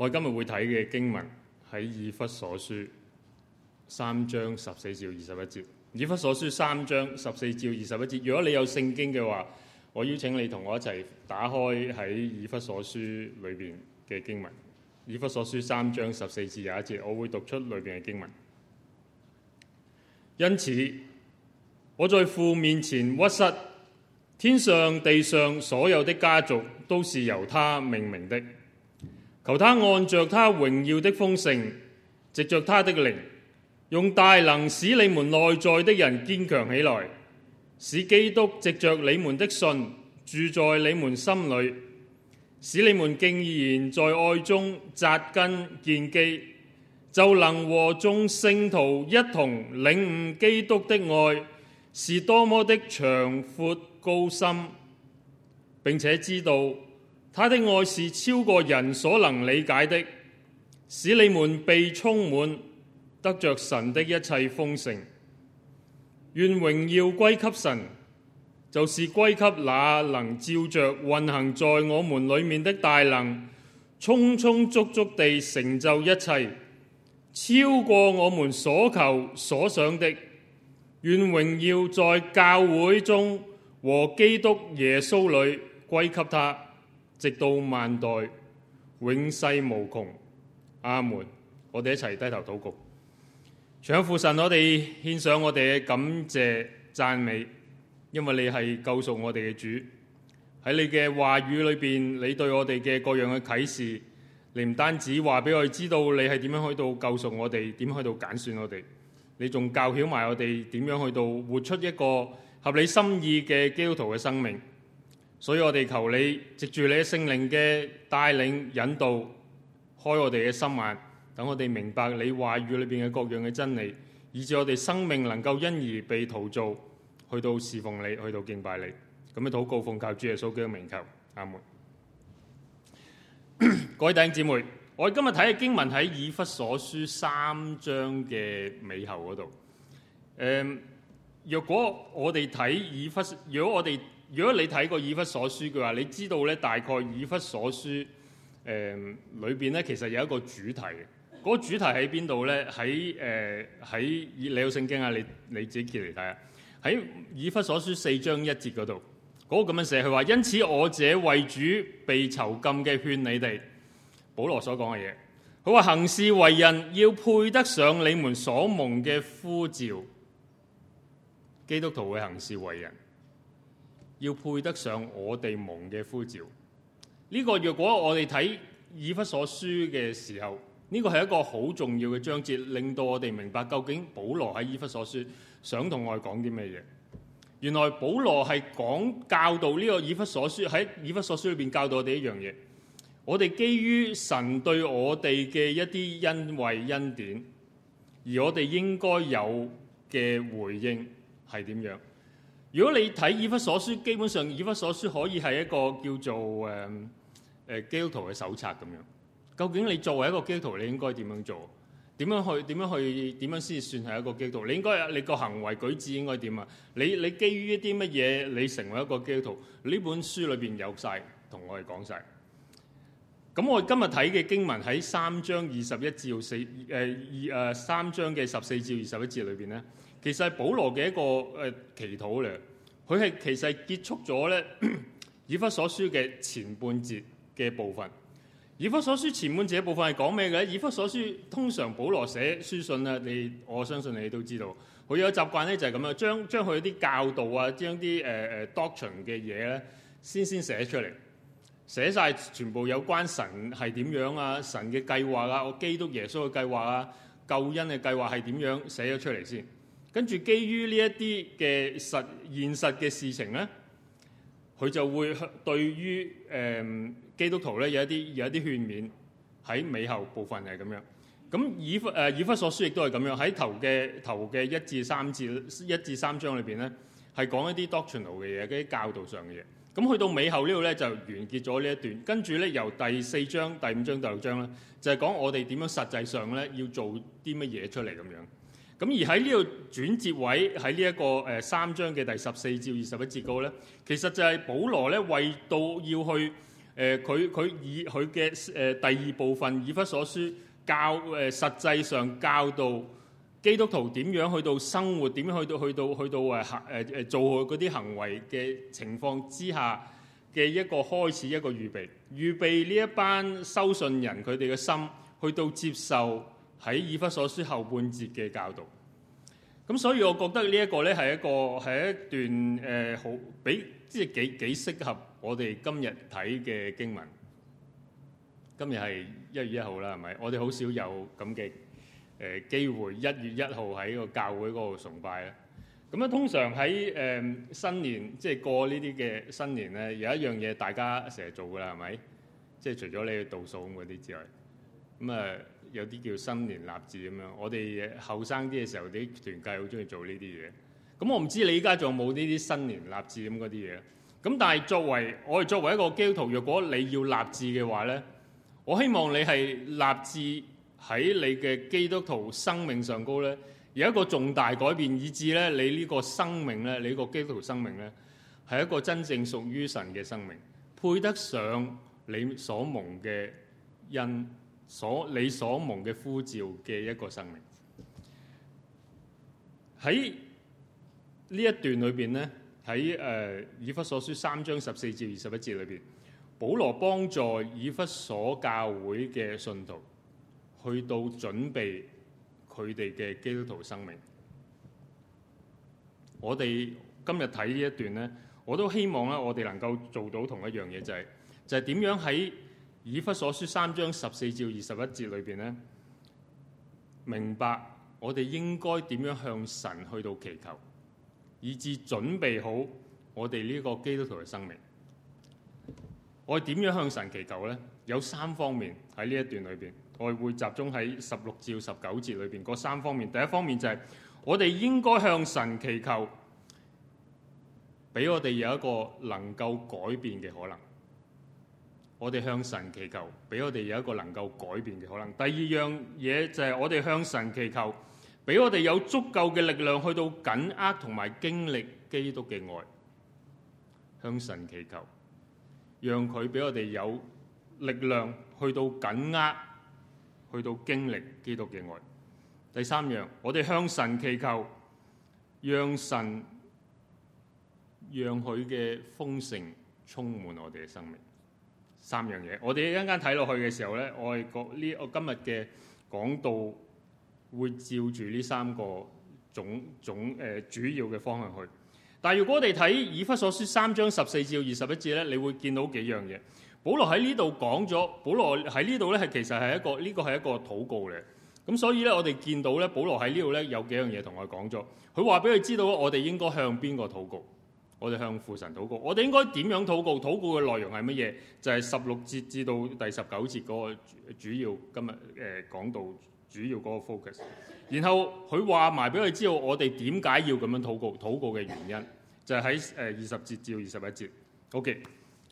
我今日會睇嘅經文喺以弗所書三章十四至二十一節。以弗所書三章十四至二十一節，如果你有聖經嘅話，我邀請你同我一齊打開喺以弗所書裏邊嘅經文。以弗所書三章十四至廿一節，我會讀出裏邊嘅經文。因此，我在父面前屈膝，天上地上所有的家族都是由他命名的。求他按着他榮耀的豐盛，藉着他的靈，用大能使你們內在的人堅強起來，使基督藉著你們的信住在你們心裏，使你們既然在愛中扎根建基，就能和眾聖徒一同領悟基督的愛是多麼的長闊高深，並且知道。他的愛是超過人所能理解的，使你們被充滿，得着神的一切豐盛。願榮耀歸給神，就是歸給那能照着運行在我們裏面的大能，充充足足地成就一切，超過我們所求所想的。願榮耀在教會中和基督耶穌裏歸給他。直到萬代，永世無窮，阿門！我哋一齊低頭禱告，慈父神我們，我哋獻上我哋嘅感謝讚美，因為你係救贖我哋嘅主。喺你嘅話語裏邊，你對我哋嘅各樣嘅啟示，你唔單止話俾我哋知道你係點樣去到救贖我哋，點樣去到揀選我哋，你仲教曉埋我哋點樣去到活出一個合你心意嘅基督徒嘅生命。所以我哋求你，藉住你嘅聖靈嘅帶領引導，開我哋嘅心眼，等我哋明白你話語裏邊嘅各樣嘅真理，以至我哋生命能夠因而被陶造，去到侍奉你，去到敬拜你。咁樣禱告奉靠主耶穌基督名求，阿門。 各位弟兄姊妹，我哋今日睇嘅經文喺以弗所書三章嘅尾後嗰度。誒，若果我哋睇以弗，如果我哋如果你睇過以弗所書嘅話，你知道咧大概以弗所書誒、嗯、裏邊咧其實有一個主題嘅，嗰個主題喺邊度咧？喺誒喺你有聖經啊，你你自己揭嚟睇啊。喺以弗所書四章一節嗰度，嗰、嗰個咁樣寫，佢話，因此我者為主被囚禁嘅，勸你哋保羅所講嘅嘢。佢話行事為人要配得上你們所蒙嘅呼召，基督徒嘅行事為人。要配得上我哋蒙嘅呼召，呢個若果我哋睇以弗所書嘅時候，呢個係一個好重要嘅章節，令到我哋明白究竟保羅喺以弗所書想同我哋講啲咩嘢。原來保羅係講教導呢個以弗所書，喺以弗所書裏邊教導我哋一樣嘢，我哋基於神對我哋嘅一啲恩惠恩典，而我哋應該有嘅回應係點樣？如果你睇《以弗所書》，基本上《以弗所書》可以係一個叫做誒誒、啊、基督徒嘅手冊咁樣。究竟你作為一個基督徒，你應該點樣做？點樣去？點樣去？點樣先算係一個基督徒？你應該你個行為舉止應該點啊？你你基於一啲乜嘢，你成為一個基督徒？呢本書裏邊有晒，同我哋講晒。咁我今日睇嘅經文喺三章二十一至四誒二誒三章嘅十四至二十一節裏邊咧。其實係保羅嘅一個誒、呃、祈禱嚟。佢係其實結束咗咧 《以弗所書》嘅前半節嘅部分。以部分《以弗所書》前半節嘅部分係講咩嘅咧？《以弗所書》通常保羅寫書信啦，你我相信你都知道，佢有習慣咧就係、是、咁樣將將佢啲教導啊，將啲誒誒 doctrine 嘅嘢咧先先寫出嚟，寫晒全部有關神係點樣啊，神嘅計劃啊、我基督耶穌嘅計劃啊，救恩嘅計劃係點樣寫咗出嚟先。跟住，基於呢一啲嘅實現實嘅事情咧，佢就會對於誒、呃、基督徒咧有啲有啲勸勉喺尾後部分係咁樣。咁以弗、呃、以弗所書亦都係咁樣，喺頭嘅頭嘅一至三節一至三章裏邊咧，係講一啲 doctrine 嘅嘢，啲教導上嘅嘢。咁去到尾後呢度咧就完結咗呢一段。跟住咧由第四章、第五章、第六章咧，就係、是、講我哋點樣實際上咧要做啲乜嘢出嚟咁樣。咁而喺呢、這個轉折位喺呢一個誒三章嘅第十四至二十一節高咧，其實就係保羅咧為到要去誒佢佢以佢嘅誒第二部分以弗所書教誒、呃、實際上教導基督徒點樣去到生活點樣去到去到去到誒行誒做嗰啲行為嘅情況之下嘅一個開始一個預備，預備呢一班收信人佢哋嘅心去到接受。喺以弗所書後半節嘅教導，咁所以我覺得呢一個咧係一個係一段誒、呃、好，比即係幾幾適合我哋今日睇嘅經文。今日係一月一號啦，係咪？我哋好少有咁嘅誒機會，一月一號喺個教會嗰度崇拜啦。咁、啊、咧通常喺誒、呃、新年，即係過呢啲嘅新年咧，有一樣嘢大家成日做㗎啦，係咪？即係除咗你去倒數嗰啲之外，咁、嗯、啊～、呃有啲叫新年立志咁樣，我哋後生啲嘅時候啲團契好中意做呢啲嘢。咁我唔知道你依家仲有冇呢啲新年立志咁嗰啲嘢。咁但係作為我哋作為一個基督徒，若果你要立志嘅話咧，我希望你係立志喺你嘅基督徒生命上高咧，有一個重大改變，以致咧你呢個生命咧，你個基督徒生命咧，係一個真正屬於神嘅生命，配得上你所蒙嘅恩。所你所蒙嘅呼召嘅一個生命，喺呢一段裏邊咧，喺誒、呃、以弗所書三章十四至二十一節裏邊，保羅幫助以弗所教會嘅信徒去到準備佢哋嘅基督徒生命。我哋今日睇呢一段咧，我都希望咧，我哋能夠做到同一樣嘢，就係、是、就係、是、點樣喺。以弗所書三章十四至二十一節裏邊咧，明白我哋應該點樣向神去到祈求，以致準備好我哋呢個基督徒嘅生命。我點樣向神祈求咧？有三方面喺呢一段裏邊，我哋會集中喺十六至十九節裏邊嗰三方面。第一方面就係我哋應該向神祈求，俾我哋有一個能夠改變嘅可能。我哋向神祈求，俾我哋有一個能夠改變嘅可能。第二樣嘢就係我哋向神祈求，俾我哋有足夠嘅力量去到緊握同埋經歷基督嘅愛。向神祈求，讓佢俾我哋有力量去到緊握，去到經歷基督嘅愛。第三樣，我哋向神祈求，讓神讓佢嘅豐盛充滿我哋嘅生命。三樣嘢，我哋一陣間睇落去嘅時候咧，我係講呢，我今日嘅講道會照住呢三個總總誒主要嘅方向去。但係如果我哋睇以弗所書三章十四至二十一節咧，你會見到幾樣嘢。保羅喺呢度講咗，保羅喺呢度咧係其實係一個呢、這個係一個禱告嚟。咁所以咧，我哋見到咧，保羅喺呢度咧有幾樣嘢同我講咗。佢話俾佢知道，我哋應該向邊個禱告。我哋向父神禱告，我哋應該點樣禱告？禱告嘅內容係乜嘢？就係十六節至到第十九節嗰個主要今日誒、呃、講到主要嗰個 focus。然後佢話埋俾我知道，我哋點解要咁樣禱告？禱告嘅原因就係喺誒二十節至到二十一節。OK，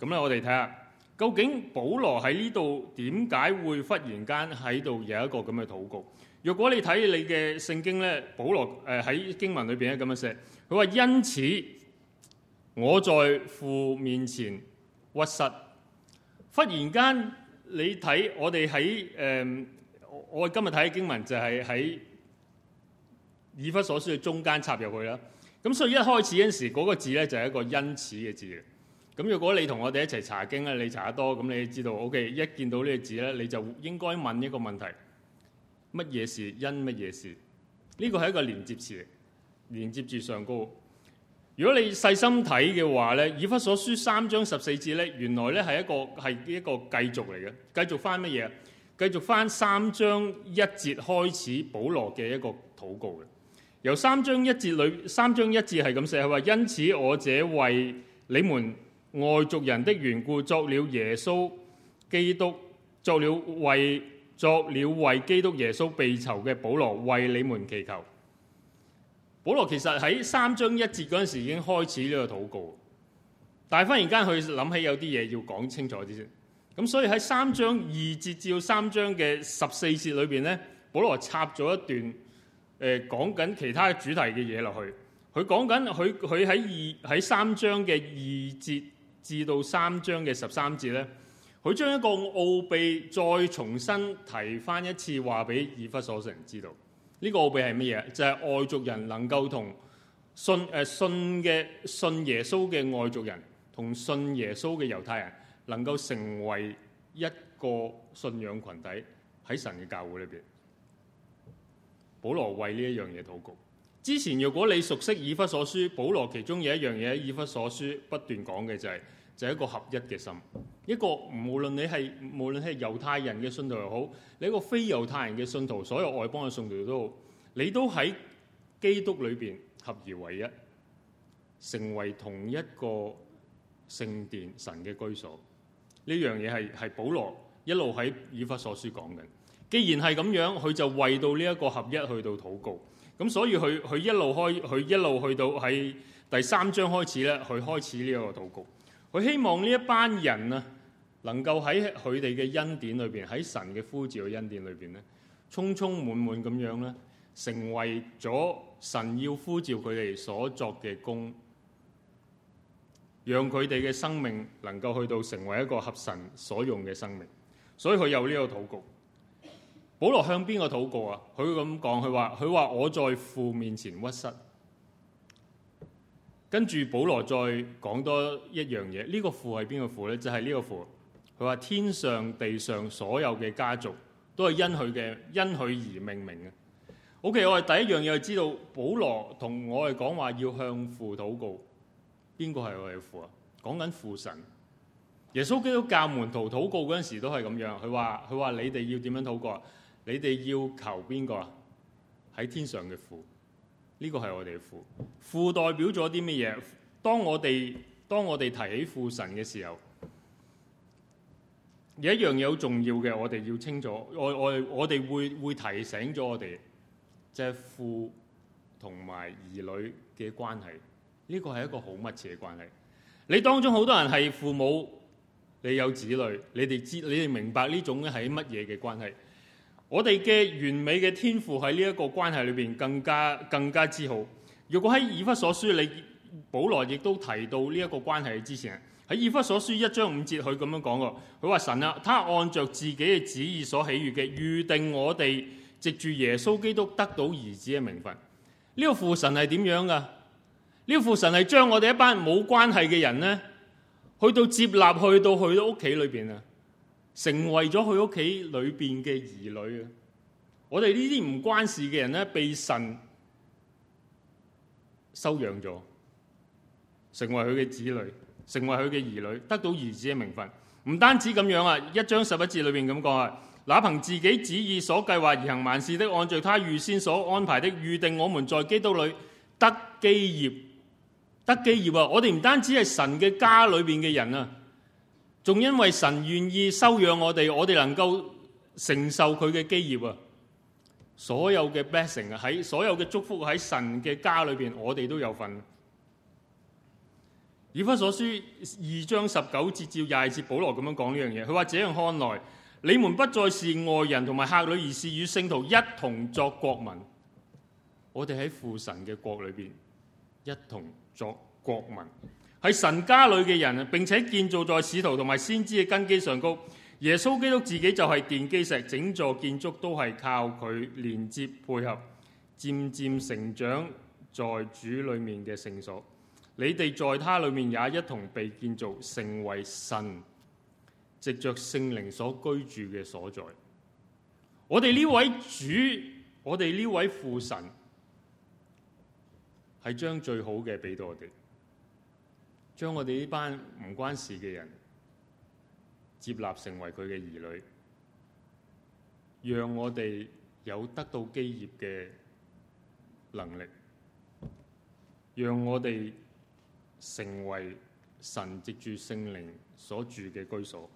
咁咧我哋睇下究竟保羅喺呢度點解會忽然間喺度有一個咁嘅禱告？若果你睇你嘅聖經咧，保羅誒喺、呃、經文裏邊咧咁樣寫，佢話因此。我在父面前屈膝，忽然間你睇我哋喺誒，我今日睇嘅經文就係喺以弗所書嘅中間插入去啦。咁所以一開始嗰陣時嗰、嗰個字咧就係一個因此嘅字。咁如果你同我哋一齊查經咧，你查得多咁，你知道 O、OK，K，一見到呢個字咧，你就應該問一個問題：乜嘢事因乜嘢事？呢個係一個連接詞，連接住上高。如果你細心睇嘅話咧，《以弗所書》三章十四節咧，原來咧係一個係一個繼續嚟嘅，繼續翻乜嘢？繼續翻三章一節開始，保羅嘅一個禱告嘅。由三章一節裏，三章一節係咁寫，係話：因此我者為你們外族人的緣故，作了耶穌基督，作了為作了為基督耶穌被囚嘅保羅，為你們祈求。保羅其實喺三章一節嗰陣時已經開始呢個禱告，但係忽然間佢諗起有啲嘢要講清楚啲先，咁所以喺三章二節至到三章嘅十四節裏邊咧，保羅插咗一段誒、呃、講緊其他嘅主題嘅嘢落去，佢講緊佢佢喺二喺三章嘅二節至到三章嘅十三節咧，佢將一個奧秘再重新提翻一次話俾以弗所人知道。呢、這個奧秘係乜嘢？就係、是、外族人能夠同信誒、呃、信嘅信耶穌嘅外族人同信耶穌嘅猶太人能夠成為一個信仰群體喺神嘅教會裏邊。保羅為呢一樣嘢禱告。之前若果你熟悉以弗所書，保羅其中有一樣嘢，以弗所書不斷講嘅就係、是。就係一個合一嘅心，一個無論你係無論係猶太人嘅信徒又好，你一個非猶太人嘅信徒，所有外邦嘅信徒都好，你都喺基督裏邊合而為一，成為同一個聖殿神嘅居所。呢樣嘢係係保羅一路喺以弗所書講嘅。既然係咁樣，佢就為到呢一個合一去到禱告。咁所以佢佢一路開，佢一路去到喺第三章開始咧，佢開始呢一個禱告。佢希望呢一班人啊，能夠喺佢哋嘅恩典裏邊，喺神嘅呼召嘅恩典裏邊咧，充充滿滿咁樣咧，成為咗神要呼召佢哋所作嘅功，讓佢哋嘅生命能夠去到成為一個合神所用嘅生命。所以佢有呢個禱告。保羅向邊個禱告啊？佢咁講，佢話，佢話，我在父面前屈膝。跟住保羅再講多一樣嘢，呢、這個父係邊個父呢？就係、是、呢個父。佢話天上地上所有嘅家族都係因佢嘅因佢而命名嘅。O.K. 我哋第一樣嘢就知道保羅同我哋講話要向父禱告。邊個係我哋父啊？講緊父神。耶穌基督教門徒禱告嗰陣時都係咁樣。佢話佢話你哋要點樣禱告啊？你哋要求邊個啊？喺天上嘅父。呢個係我哋父，父代表咗啲乜嘢？當我哋當我哋提起父神嘅時候，有一樣嘢好重要嘅，我哋要清楚。我我我哋會會提醒咗我哋，即係父同埋兒女嘅關係。呢個係一個好密切嘅關係。你當中好多人係父母，你有子女，你哋知，你哋明白呢種嘅係乜嘢嘅關係。我哋嘅完美嘅天父喺呢一個關係裏邊更加更加之好。如果喺以弗所書，你保羅亦都提到呢一個關係之前，喺以弗所書一章五節，佢咁樣講過。佢話神啊，他按著自己嘅旨意所喜悅嘅，預定我哋藉住耶穌基督得到兒子嘅名分。呢個父神係點樣噶？呢個父神係將我哋一班冇關係嘅人呢，去到接納，去到去到屋企裏邊啊！成為咗佢屋企裏邊嘅兒女。我哋呢啲唔關事嘅人咧，被神收養咗，成為佢嘅子女，成為佢嘅兒女，得到兒子嘅名分。唔單止咁樣啊！一章十一節裏邊咁講啊，那憑自己旨意所計劃而行萬事的，按照他預先所安排的預定，我們在基督裏得基業，得基業啊！我哋唔單止係神嘅家裏面嘅人啊！仲因為神願意收養我哋，我哋能夠承受佢嘅基業啊！所有嘅 blessing 啊，喺所有嘅祝福喺神嘅家裏邊，我哋都有份。以弗所書二章十九節至廿二節，保羅咁樣講呢樣嘢。佢話這樣看來，你們不再是外人同埋客旅，而是與聖徒一同作國民。我哋喺父神嘅國裏邊，一同作國民。係神家裏嘅人，並且建造在使徒同埋先知嘅根基上高。耶穌基督自己就係奠基石，整座建築都係靠佢連接配合，漸漸成長在主裏面嘅聖所。你哋在他裏面也一同被建造，成為神，藉着聖靈所居住嘅所在。我哋呢位主，我哋呢位父神，係將最好嘅俾到我哋。將我哋呢班唔關事嘅人接納成為佢嘅兒女，讓我哋有得到基業嘅能力，讓我哋成為神藉住聖靈所住嘅居所。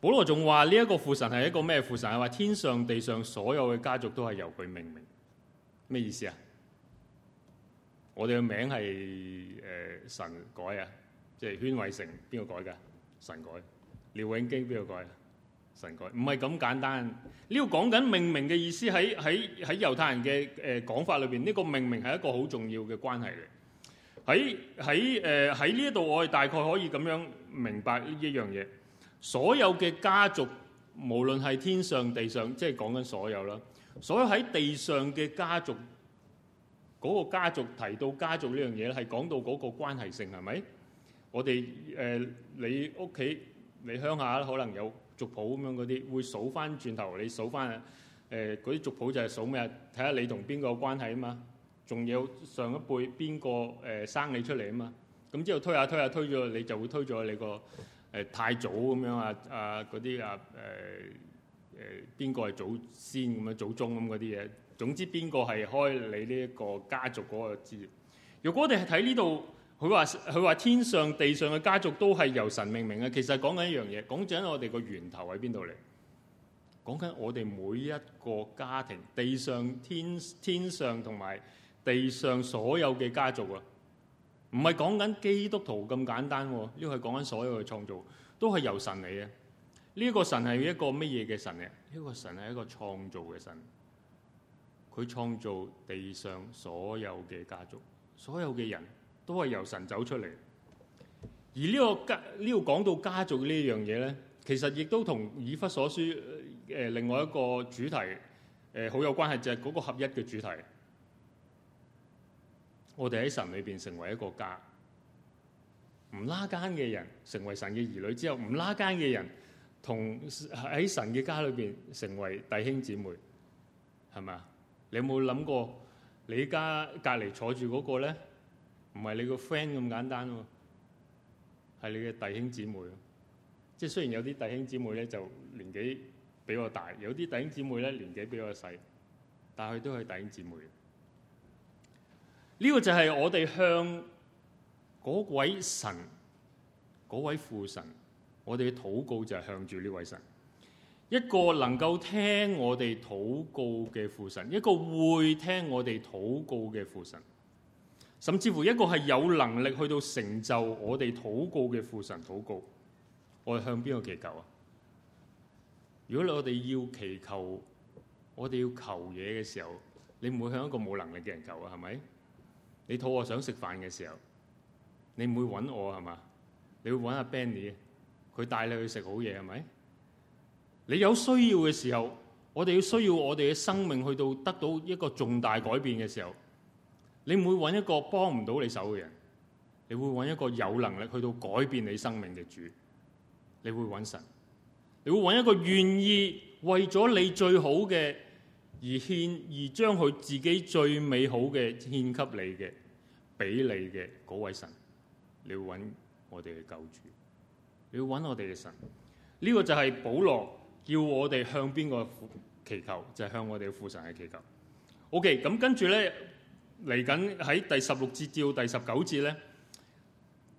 保羅仲話呢一個父神係一個咩父神？係話天上地上所有嘅家族都係由佢命名，咩意思啊？我哋嘅名係誒神改啊，即係禤偉成邊個改嘅？神改，廖永基邊個改啊？神改，唔係咁簡單。呢度講緊命名嘅意思喺喺喺猶太人嘅誒講法裏邊，呢個命名係一個好重要嘅關係嚟。喺喺誒喺呢一度，我哋大概可以咁樣明白呢一樣嘢。所有嘅家族，無論係天上地上，即係講緊所有啦。所有喺地上嘅家族。嗰個家族，提到家族呢樣嘢咧，係講到嗰個關係性係咪？我哋誒你屋企你鄉下可能有族譜咁樣嗰啲，會數翻轉頭，你數翻誒嗰啲族譜就係數咩？睇下你同邊個有關係啊嘛？仲有上一輩邊個誒生你出嚟啊嘛？咁之後推下推下推咗，你就會推咗你個誒太祖咁樣啊啊嗰啲啊誒誒邊個係祖先咁樣祖宗咁嗰啲嘢。總之邊個係開你呢一個家族嗰個資源？如果我哋係睇呢度，佢話佢話天上地上嘅家族都係由神命名嘅。其實講緊一樣嘢，講緊我哋個源頭喺邊度嚟？講緊我哋每一個家庭，地上天天上同埋地上所有嘅家族啊，唔係講緊基督徒咁簡單，因為講緊所有嘅創造都係由神嚟嘅。呢個神係一個乜嘢嘅神嚟？呢個神係一個創造嘅神。佢創造地上所有嘅家族，所有嘅人都係由神走出嚟。而呢、這個家，呢、這個講到家族呢樣嘢咧，其實亦都同《以弗所書》誒、呃、另外一個主題誒好、呃、有關係，就係、是、嗰個合一嘅主題。我哋喺神裏邊成為一個家，唔拉奸嘅人成為神嘅兒女之後，唔拉奸嘅人同喺神嘅家裏邊成為弟兄姊妹，係咪啊？你有冇諗有過你家隔離坐住嗰個呢？唔係你個 friend 咁簡單喎、啊，係你嘅弟兄姐妹、啊。即雖然有啲弟兄姐妹咧就年紀比我大，有啲弟兄姐妹咧年紀比我細，但係佢都係弟兄姐妹。呢、這個就係我哋向嗰位神、嗰位父神，我哋嘅禱告就係向住呢位神。一個能夠聽我哋禱告嘅父神，一個會聽我哋禱告嘅父神，甚至乎一個係有能力去到成就我哋禱告嘅父神。禱告，我哋向邊個祈求啊？如果我哋要祈求，我哋要求嘢嘅時候，你唔會向一個冇能力嘅人求啊？係咪？你肚餓我想食飯嘅時候，你唔會搵我係嘛？你會搵阿 Benny，佢帶你去食好嘢係咪？你有需要嘅時候，我哋要需要我哋嘅生命去到得到一個重大改變嘅時候，你唔會揾一個幫唔到你手嘅人，你會揾一個有能力去到改變你生命嘅主，你會揾神，你會揾一個願意為咗你最好嘅而獻而將佢自己最美好嘅獻給你嘅，俾你嘅嗰位神，你會揾我哋嘅救主，你會揾我哋嘅神，呢、這個就係保羅。叫我哋向邊個祈求，就係、是、向我哋嘅父神去祈求。O.K. 咁跟住咧，嚟緊喺第十六節至到第十九節咧，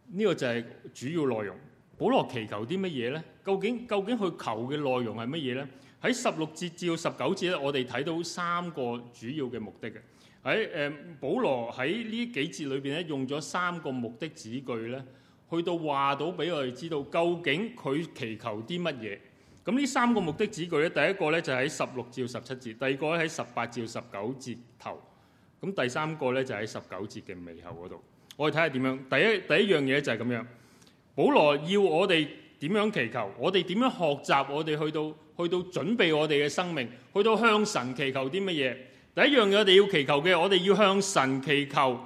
呢、這個就係主要內容。保羅祈求啲乜嘢咧？究竟究竟佢求嘅內容係乜嘢咧？喺十六節至到十九節咧，我哋睇到三個主要嘅目的嘅。喺誒、呃、保羅喺呢幾節裏邊咧，用咗三個目的子句咧，去到話到俾我哋知道，究竟佢祈求啲乜嘢。咁呢三個目的子句咧，第一個咧就喺十六至十七節，第二個喺十八至十九節頭，咁第三個咧就喺十九節嘅尾後嗰度。我哋睇下點樣？第一第一樣嘢就係咁樣，保羅要我哋點樣祈求，我哋點樣學習，我哋去到去到準備我哋嘅生命，去到向神祈求啲乜嘢？第一樣嘢我哋要祈求嘅，我哋要向神祈求，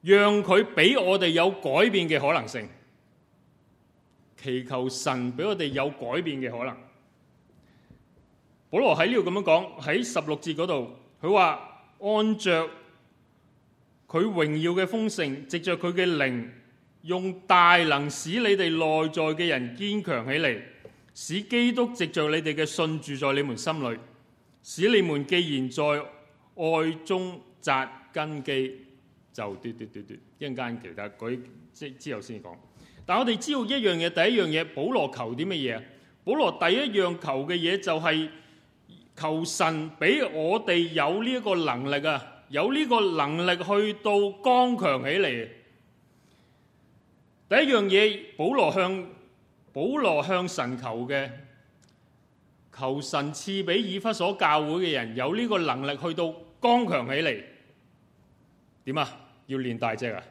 讓佢俾我哋有改變嘅可能性。祈求神俾我哋有改變嘅可能。保羅喺呢度咁樣講，喺十六節嗰度，佢話按着佢榮耀嘅豐盛，藉着佢嘅靈，用大能使你哋內在嘅人堅強起嚟，使基督藉着你哋嘅信住在你們心裏，使你們既然在愛中扎根基，就……嘟嘟嘟嘟，一陣間其他佢即之後先講。但我哋知道一樣嘢，第一樣嘢保羅求啲乜嘢？保羅第一樣求嘅嘢就係求神俾我哋有呢一個能力啊，有呢個能力去到剛強起嚟。第一樣嘢保羅向保羅向神求嘅，求神賜俾以弗所教會嘅人有呢個能力去到剛強起嚟。點啊？要練大隻啊？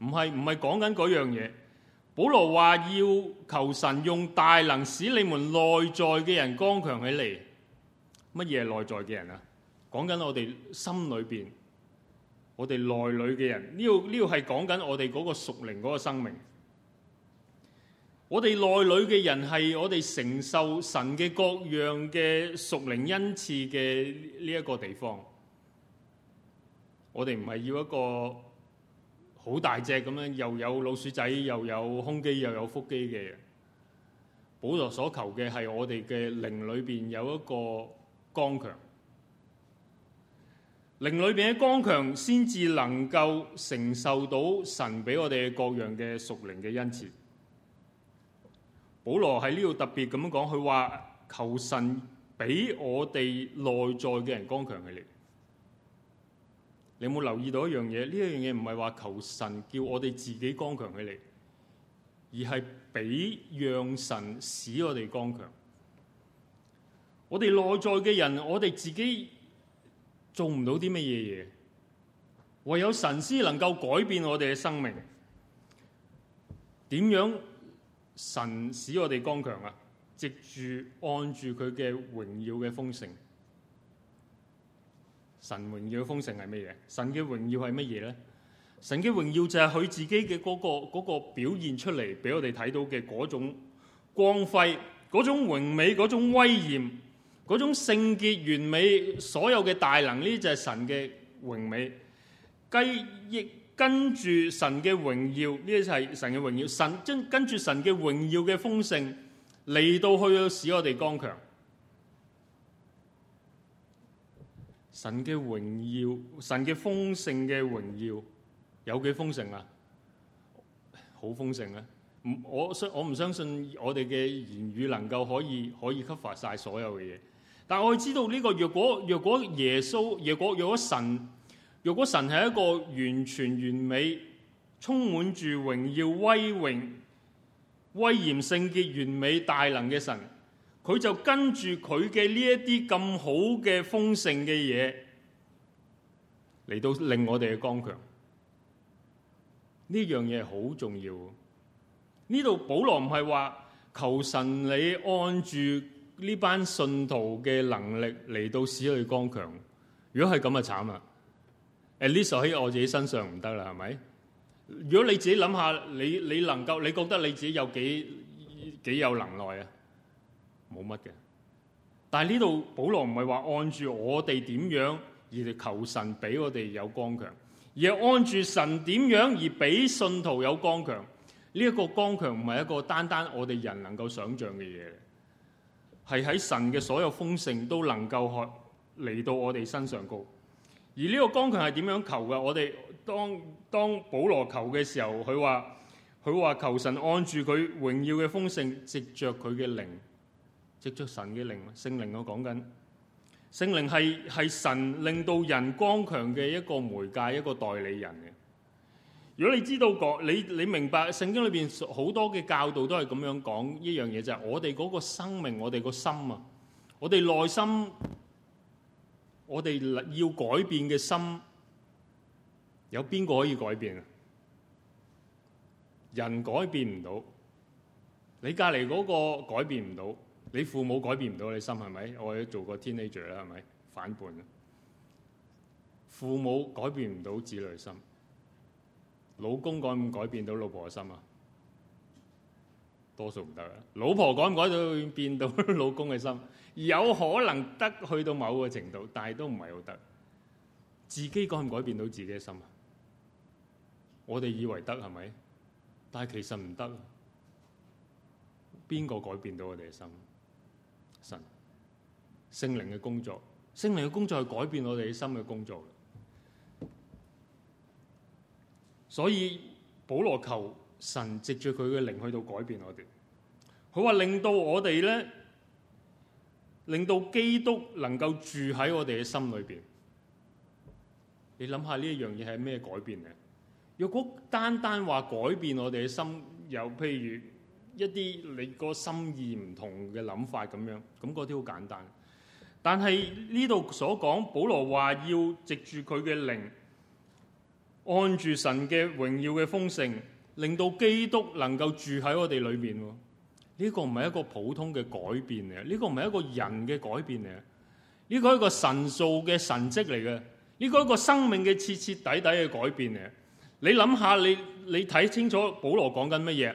唔係唔係講緊嗰樣嘢。保羅話：要求神用大能使你們內在嘅人剛強起嚟。乜嘢係內在嘅人啊？講緊我哋心裏邊，我哋內裏嘅人。呢個呢個係講緊我哋嗰個屬靈嗰個生命。我哋內裏嘅人係我哋承受神嘅各樣嘅屬靈恩賜嘅呢一個地方。我哋唔係要一個。好大隻咁樣，又有老鼠仔，又有胸肌，又有腹肌嘅。保羅所求嘅係我哋嘅靈裏邊有一個剛強。靈裏邊嘅剛強先至能夠承受到神俾我哋各樣嘅屬靈嘅恩賜。保羅喺呢度特別咁樣講，佢話求神俾我哋內在嘅人剛強起嚟。」你有冇留意到一樣嘢？呢一樣嘢唔係話求神叫我哋自己剛強起嚟，而係俾讓神使我哋剛強。我哋內在嘅人，我哋自己做唔到啲乜嘢嘢，唯有神先能夠改變我哋嘅生命。點樣神使我哋剛強啊？藉住按住佢嘅榮耀嘅豐盛。神榮耀嘅豐盛係乜嘢？神嘅榮耀係乜嘢咧？神嘅榮耀就係佢自己嘅嗰、嗰個、嗰個表現出嚟，俾我哋睇到嘅嗰種光輝、嗰種榮美，嗰種威嚴、嗰種聖潔、完美，所有嘅大能呢，就係神嘅榮美。繼亦跟住神嘅榮耀，呢就係神嘅榮耀。神跟跟住神嘅榮耀嘅豐盛嚟到去使我哋剛強。神嘅榮耀，神嘅豐盛嘅榮耀，有幾豐盛啊？好豐盛啊！唔，我相我唔相信我哋嘅言語能夠可以可以 cover 晒所有嘅嘢。但係我知道呢個若果若果耶穌，若果若果神，若果神係一個完全完美、充滿住榮耀威榮威嚴聖潔、完美大能嘅神。佢就跟住佢嘅呢一啲咁好嘅豐盛嘅嘢，嚟到令我哋嘅剛強，呢樣嘢好重要。呢度保羅唔係話求神你按住呢班信徒嘅能力嚟到使佢剛強。如果係咁啊慘啦！誒呢首喺我自己身上唔得啦，係咪？如果你自己諗下，你你能夠，你覺得你自己有幾幾有能耐啊？冇乜嘅，但係呢度保羅唔係話按住我哋點樣而嚟，求神俾我哋有光強，而係按住神點樣而俾信徒有光強。呢一個光強唔係一個單單我哋人能夠想象嘅嘢，係喺神嘅所有豐盛都能夠嚟到我哋身上高。而呢個光強係點樣求嘅？我哋當當保羅求嘅時候，佢話佢話求神按住佢榮耀嘅豐盛，藉着佢嘅靈。藉著神嘅靈，聖靈我講緊，聖靈係係神令到人光強嘅一個媒介，一個代理人嘅。如果你知道講，你你明白聖經裏邊好多嘅教導都係咁樣講，一樣嘢就係我哋個生命，我哋個心啊，我哋內心，我哋要改變嘅心，有邊個可以改變啊？人改變唔到，你隔籬嗰個改變唔到。你父母改變唔到你的心係咪？我哋做過 teenager 啦，係咪反叛？父母改變唔到子女的心，老公改唔改變到老婆嘅心啊？多數唔得啦。老婆改唔改變到老公嘅心？有可能得去到某個程度，但係都唔係好得。自己改唔改變到自己嘅心啊？我哋以為得係咪？但係其實唔得。邊個改變到我哋嘅心？神聖靈嘅工作，聖靈嘅工作係改變我哋嘅心嘅工作的。所以保羅求神藉住佢嘅靈去到改變我哋。佢話令到我哋咧，令到基督能夠住喺我哋嘅心裏邊。你諗下呢一樣嘢係咩改變咧？若果單單話改變我哋嘅心，有譬如。一啲你個心意唔同嘅諗法咁樣，咁嗰啲好簡單。但係呢度所講，保羅話要藉住佢嘅靈，按住神嘅榮耀嘅豐盛，令到基督能夠住喺我哋裏面。呢個唔係一個普通嘅改變嚟，呢個唔係一個人嘅改變嚟，呢個係一個神素嘅神跡嚟嘅。呢個係一個生命嘅徹徹底底嘅改變嚟。你諗下，你你睇清楚保羅講緊乜嘢？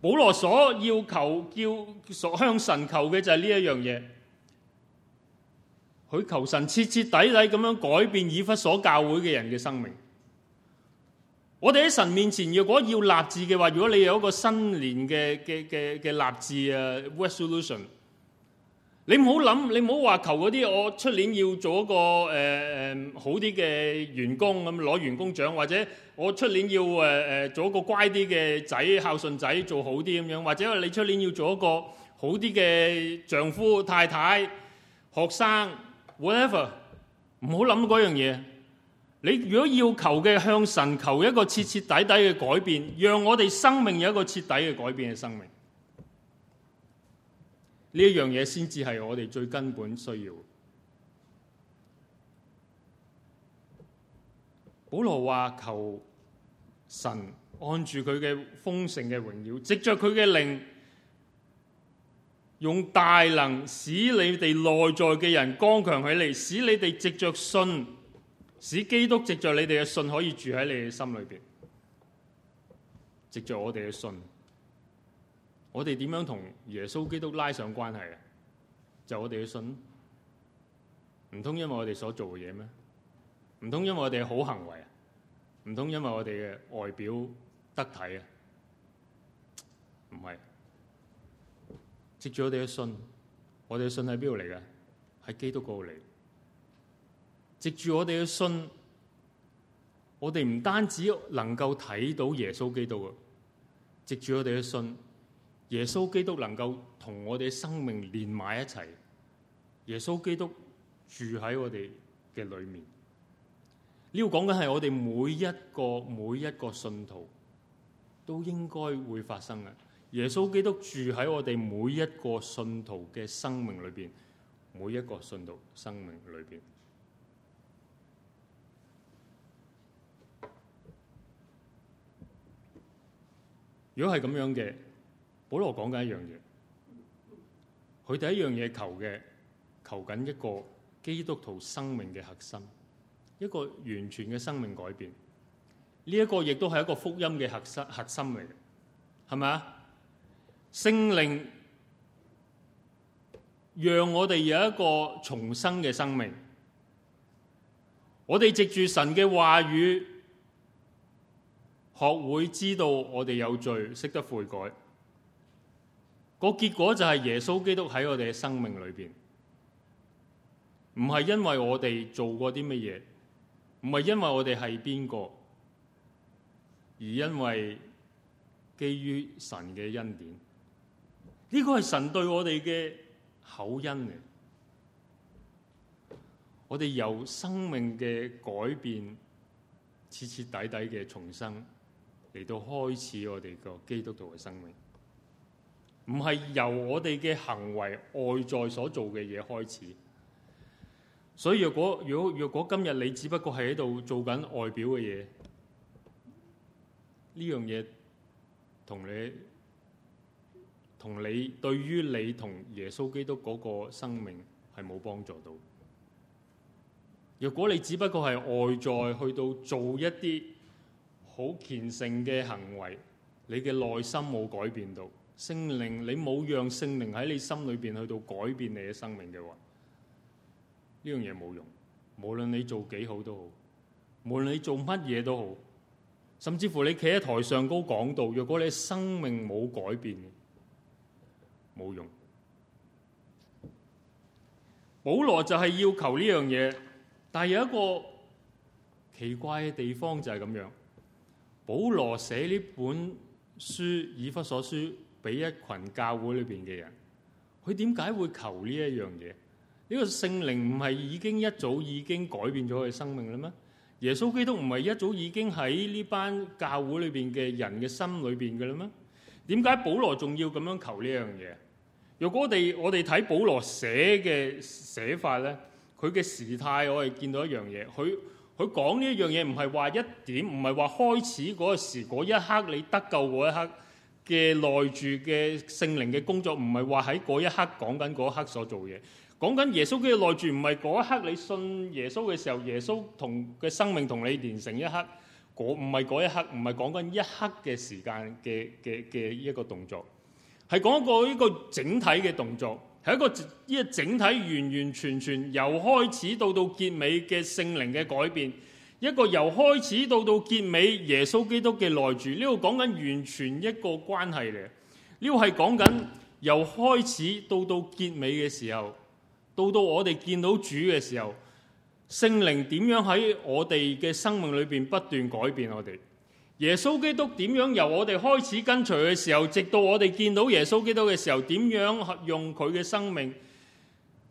保羅所要求，叫所向神求嘅就係呢一樣嘢，佢求神徹徹底底咁樣改變以弗所教會嘅人嘅生命。我哋喺神面前，如果要立志嘅話，如果你有一個新年嘅嘅嘅立志啊、uh, resolution, 你唔好諗你唔好話，求嗰啲。我出年要做一個誒誒、呃嗯、好啲嘅員工拿攞員工獎，或者我出年要誒誒、呃、做一個乖啲嘅仔，孝順仔做好啲咁樣，或者你出年要做一個好啲嘅丈夫、太太、學生 whatever，唔好諗嗰樣嘢。你如果要求嘅，向神求一個徹徹底底嘅改變，讓我哋生命有一個徹底嘅改變嘅生命。呢一樣嘢先至係我哋最根本需要。保羅話，求神按住佢嘅豐盛嘅榮耀，藉着佢嘅靈，用大能使你哋內在嘅人剛強起嚟，使你哋藉着信，使基督藉着你哋嘅信可以住喺你嘅心裏邊，藉着我哋嘅信。我哋點樣同耶穌基督拉上關係啊？就我哋嘅信，唔通因為我哋所做嘅嘢咩？唔通因為我哋嘅好行為啊？唔通因為我哋嘅外表得體啊？唔係，藉住我哋嘅信，我哋嘅信喺邊度嚟嘅？係基督嗰度嚟。藉住我哋嘅信，我哋唔單止能夠睇到耶穌基督啊！藉住我哋嘅信。耶穌基督能夠同我哋生命連埋一齊，耶穌基督住喺我哋嘅裏面。呢度講緊係我哋每一個每一個信徒都應該會發生嘅。耶穌基督住喺我哋每一個信徒嘅生命裏邊，每一個信徒生命裏邊。如果係咁樣嘅。保羅講緊一樣嘢，佢第一樣嘢求嘅，求緊一個基督徒生命嘅核心，一個完全嘅生命改變。呢、這、一個亦都係一個福音嘅核、核心核心嚟嘅，係咪啊？聖靈讓我哋有一個重生嘅生命，我哋藉住神嘅話語，學會知道我哋有罪，識得悔改。個結果就係耶穌基督喺我哋嘅生命裏邊，唔係因為我哋做過啲乜嘢，唔係因為我哋係邊個，而因為基於神嘅恩典，呢、這個係神對我哋嘅口恩嚟。我哋由生命嘅改變、徹徹底底嘅重生嚟到開始我哋個基督徒嘅生命。唔係由我哋嘅行為外在所做嘅嘢開始，所以若果若果若果今日你只不過係喺度做緊外表嘅嘢，呢樣嘢同你同你對於你同耶穌基督嗰個生命係冇幫助到。若果你只不過係外在去到做一啲好虔誠嘅行為，你嘅內心冇改變到。聖靈，你冇讓聖靈喺你心裏邊去到改變你嘅生命嘅話，呢樣嘢冇用。無論你做幾好都好，無論你做乜嘢都好，甚至乎你企喺台上高講道，若果你嘅生命冇改變，冇用。保羅就係要求呢樣嘢，但係有一個奇怪嘅地方就係咁樣。保羅寫呢本書以弗所書。俾一群教會裏邊嘅人，佢點解會求呢一樣嘢？呢個聖靈唔係已經一早已經改變咗佢嘅生命啦咩？耶穌基督唔係一早已經喺呢班教會裏邊嘅人嘅心裏邊嘅啦咩？點解保羅仲要咁樣求呢樣嘢？若果我哋我哋睇保羅寫嘅寫法咧，佢嘅時態我係見到一樣嘢，佢佢講呢樣嘢唔係話一點，唔係話開始嗰時嗰一刻你得救嗰一刻。嘅內住嘅聖靈嘅工作，唔係話喺嗰一刻講緊嗰一刻所做嘢，講緊耶穌嘅內住，唔係嗰一刻你信耶穌嘅時候，耶穌同嘅生命同你連成一刻，嗰唔係嗰一刻，唔係講緊一刻嘅時間嘅嘅嘅一個動作，係講一個一個整體嘅動作，係一個依個整體完完全全由開始到到結尾嘅聖靈嘅改變。一個由開始到到結尾，耶穌基督嘅內住，呢個講緊完全一個關係嚟。呢個係講緊由開始到到結尾嘅時候，到到我哋見到主嘅時候，聖靈點樣喺我哋嘅生命裏邊不斷改變我哋。耶穌基督點樣由我哋開始跟隨嘅時候，直到我哋見到耶穌基督嘅時候，點樣用佢嘅生命，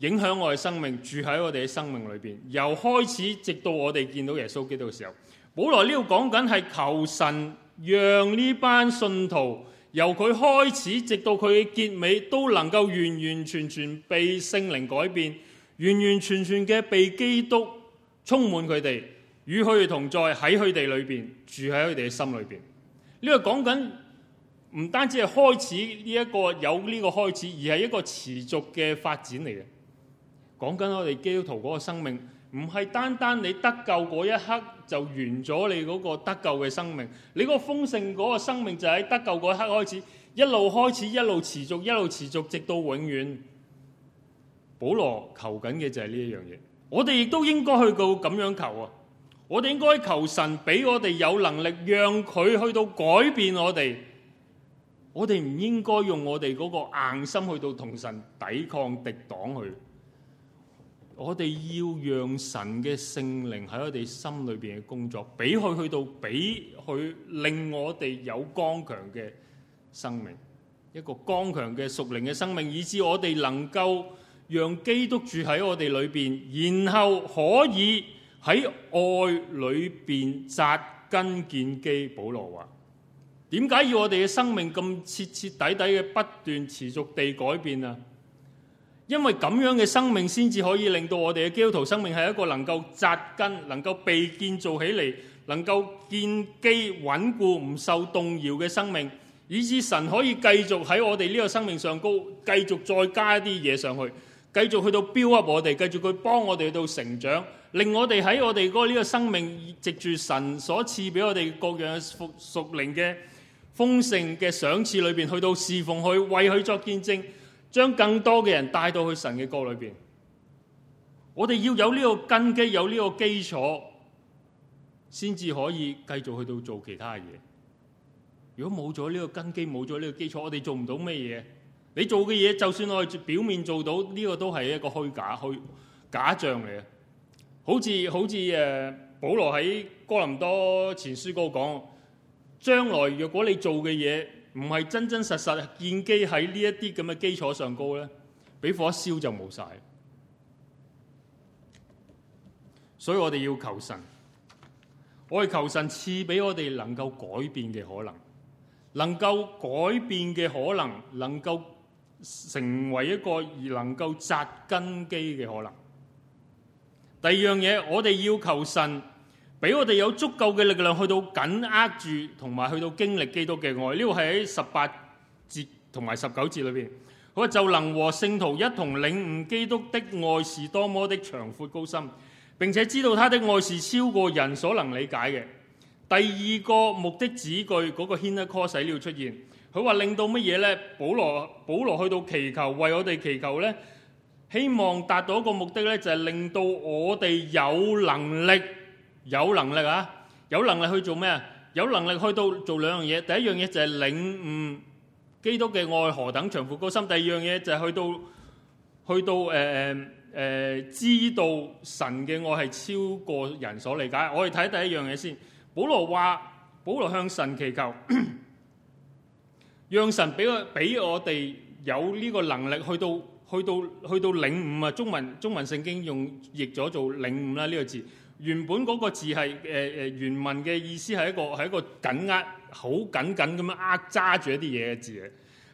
影響我哋生命，住喺我哋嘅生命裏邊，由開始直到我哋見到耶穌基督嘅時候，保羅呢度講緊係求神讓呢班信徒由佢開始直到佢嘅結尾都能夠完完全全被聖靈改變，完完全全嘅被基督充滿佢哋，與佢哋同在喺佢哋裏邊住喺佢哋嘅心裏邊。呢個講緊唔單止係開始呢一個有呢個開始，而係一個持續嘅發展嚟嘅。講緊我哋基督徒嗰個生命，唔係單單你得救嗰一刻就完咗你嗰個得救嘅生命，你嗰個豐盛嗰個生命就喺得救嗰一刻開始，一路開始一路持續一路持續直到永遠。保羅求緊嘅就係呢一樣嘢，我哋亦都應該去到咁樣求啊！我哋應該求神俾我哋有能力，讓佢去到改變我哋。我哋唔應該用我哋嗰個硬心去到同神抵抗敵擋去。我哋要讓神嘅聖靈喺我哋心裏邊嘅工作，俾佢去到，俾佢令我哋有剛強嘅生命，一個剛強嘅屬靈嘅生命，以至我哋能夠讓基督住喺我哋裏邊，然後可以喺愛裏邊紮根建基。保羅話：點解要我哋嘅生命咁徹徹底底嘅不斷持續地改變啊？因為咁樣嘅生命，先至可以令到我哋嘅基督徒生命係一個能夠扎根、能夠被建造起嚟、能夠建基穩固、唔受動搖嘅生命，以致神可以繼續喺我哋呢個生命上高，繼續再加一啲嘢上去，繼續去到 build up 我哋，繼續去幫我哋去到成長，令我哋喺我哋嗰呢個生命，藉住神所賜畀我哋各樣屬靈嘅豐盛嘅賞賜裏面，去到侍奉，去為佢作見證。將更多嘅人帶到去神嘅國裏邊，我哋要有呢個根基，有呢個基礎，先至可以繼續去到做其他嘢。如果冇咗呢個根基，冇咗呢個基礎，我哋做唔到咩嘢？你做嘅嘢，就算我表面做到呢、這個，都係一個虛假、虛假象嚟嘅。好似好似誒，保羅喺哥林多前書嗰講，將來如果你做嘅嘢。唔係真真實實建基喺呢一啲咁嘅基礎上高咧，俾火一燒就冇晒。所以我哋要求神，我哋求神賜俾我哋能夠改變嘅可能，能夠改變嘅可能，能夠成為一個而能夠紮根基嘅可能。第二樣嘢，我哋要求神。俾我哋有足夠嘅力量去到緊握住，同埋去到經歷基督嘅愛。呢個係喺十八節同埋十九節裏邊。佢話，就能和聖徒一同領悟基督的愛是多麼的長闊高深，並且知道他的愛是超過人所能理解嘅。第二個目的子句嗰個 hina clause 使了出現，佢話令到乜嘢咧？保羅，保羅去到祈求，為我哋祈求咧，希望達到一個目的咧，就係、是、令到我哋有能力。有能力啊！有能力去做咩？有能力去到做兩樣嘢。第一樣嘢就係領悟基督嘅愛何等長闊高深。第二樣嘢就係去到去到誒誒誒，知道神嘅愛係超過人所理解。我哋睇第一樣嘢先。保羅話：保羅向神祈求，讓神俾我俾我哋有呢個能力去到去到去到領悟啊！中文中文聖經用譯咗做領悟啦呢個字。原本嗰個字係誒誒，原文嘅意思係一個係一個緊握好緊緊咁樣呃揸住一啲嘢嘅字嚟。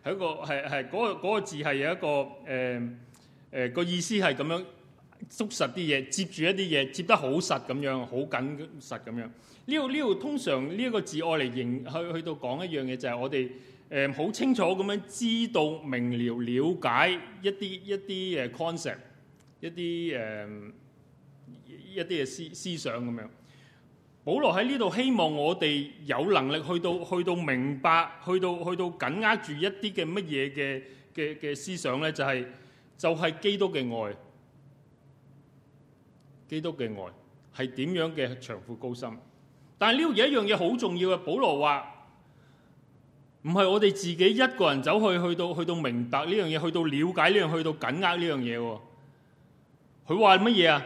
係一個係係嗰個字係有一個誒誒個意思係咁樣捉實啲嘢，接住一啲嘢，接得好實咁樣，好緊實咁樣。呢度呢度通常呢一個字，我嚟形去去到講一樣嘢就係我哋誒好清楚咁樣知道明瞭了、了解一啲一啲嘅 concept，一啲誒。呃一啲嘅思思想咁樣，保羅喺呢度希望我哋有能力去到去到明白，去到去到緊握住一啲嘅乜嘢嘅嘅嘅思想咧，就係就係基督嘅愛，基督嘅愛係點樣嘅長闊高深。但係呢度有一樣嘢好重要嘅，保羅話唔係我哋自己一個人走去去到去到明白呢樣嘢，去到了解呢樣，去到緊握呢樣嘢。佢話係乜嘢啊？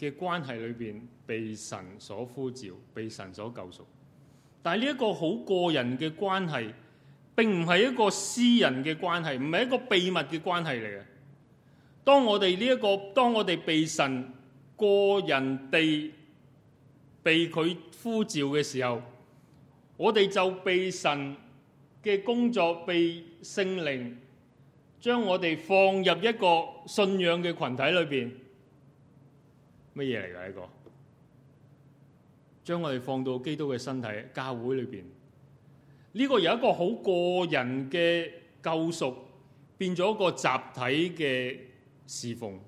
嘅關係裏邊，被神所呼召，被神所救贖。但係呢一個好個人嘅關係，並唔係一個私人嘅關係，唔係一個秘密嘅關係嚟嘅。當我哋呢一個，當我哋被神個人地被佢呼召嘅時候，我哋就被神嘅工作，被聖靈將我哋放入一個信仰嘅群體裏邊。乜嘢嚟㗎呢個？將我哋放到基督嘅身體教會裏邊，呢、這個由一個好個人嘅救贖，變咗一個集體嘅侍奉。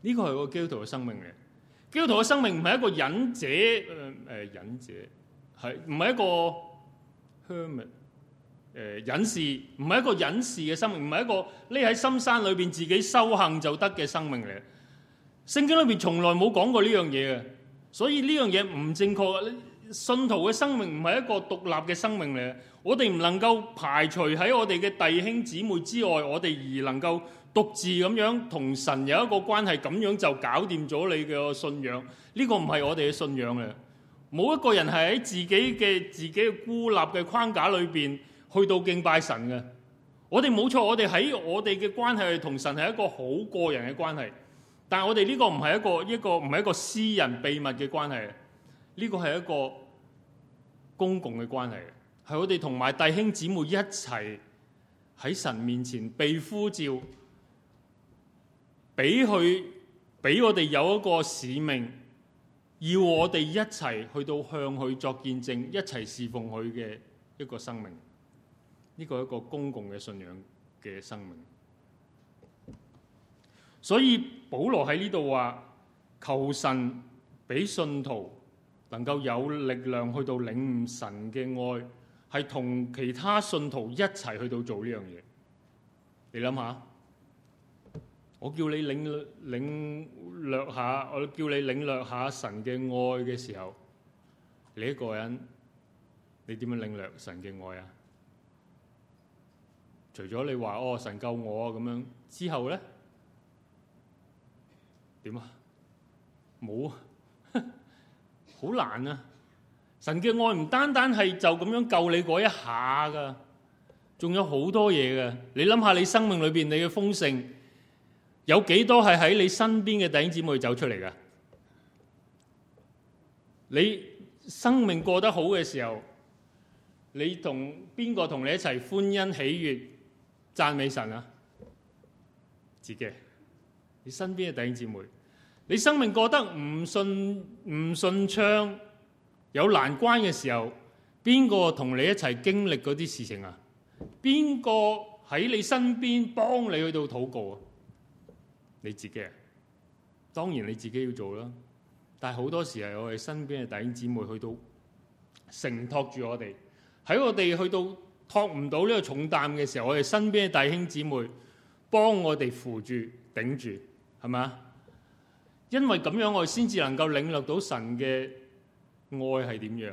呢、這個係個基督徒嘅生命嚟。基督徒嘅生命唔係一個隱者，誒、呃、誒，隱者係唔係一個 hermit，誒隱士，唔係一個隱士嘅生命，唔係一個匿喺深山裏邊自己修行就得嘅生命嚟。聖經裏邊從來冇講過呢樣嘢嘅，所以呢樣嘢唔正確。信徒嘅生命唔係一個獨立嘅生命嚟，我哋唔能夠排除喺我哋嘅弟兄姊妹之外，我哋而能夠獨自咁樣同神有一個關係，咁樣就搞掂咗你嘅信仰。呢、這個唔係我哋嘅信仰咧，冇一個人係喺自己嘅自己嘅孤立嘅框架裏邊去到敬拜神嘅。我哋冇錯，我哋喺我哋嘅關係裏同神係一個好個人嘅關係。但係我哋呢個唔係一個一個唔係一個私人秘密嘅關係，呢個係一個公共嘅關係，係我哋同埋弟兄姊妹一齊喺神面前被呼召，俾佢俾我哋有一個使命，要我哋一齊去到向佢作見證，一齊侍奉佢嘅一個生命，呢個係一個公共嘅信仰嘅生命。所以保羅喺呢度話，求神俾信徒能夠有力量去到領悟神嘅愛，係同其他信徒一齊去到做呢樣嘢。你諗下，我叫你領領略下，我叫你領略下神嘅愛嘅時候，你一個人，你點樣領略神嘅愛啊？除咗你話哦，神救我咁樣之後呢冇啊，好 難啊！神嘅愛唔單單係就咁樣救你嗰一下噶，仲有好多嘢噶。你諗下，你生命裏邊你嘅豐盛有幾多係喺你身邊嘅弟兄姊妹走出嚟噶？你生命過得好嘅時候，你同邊個同你一齊歡欣喜悦讚美神啊？自己，你身邊嘅弟兄姊妹。你生命過得唔順唔順暢，有難關嘅時候，邊個同你一齊經歷嗰啲事情啊？邊個喺你身邊幫你去到禱告啊？你自己啊，當然你自己要做啦。但係好多時係我哋身邊嘅弟兄姊妹去到承托住我哋，喺我哋去到托唔到呢個重擔嘅時候，我哋身邊嘅弟兄姊妹幫我哋扶住頂住，係咪？是因為咁樣，我哋先至能夠領略到神嘅愛係點樣。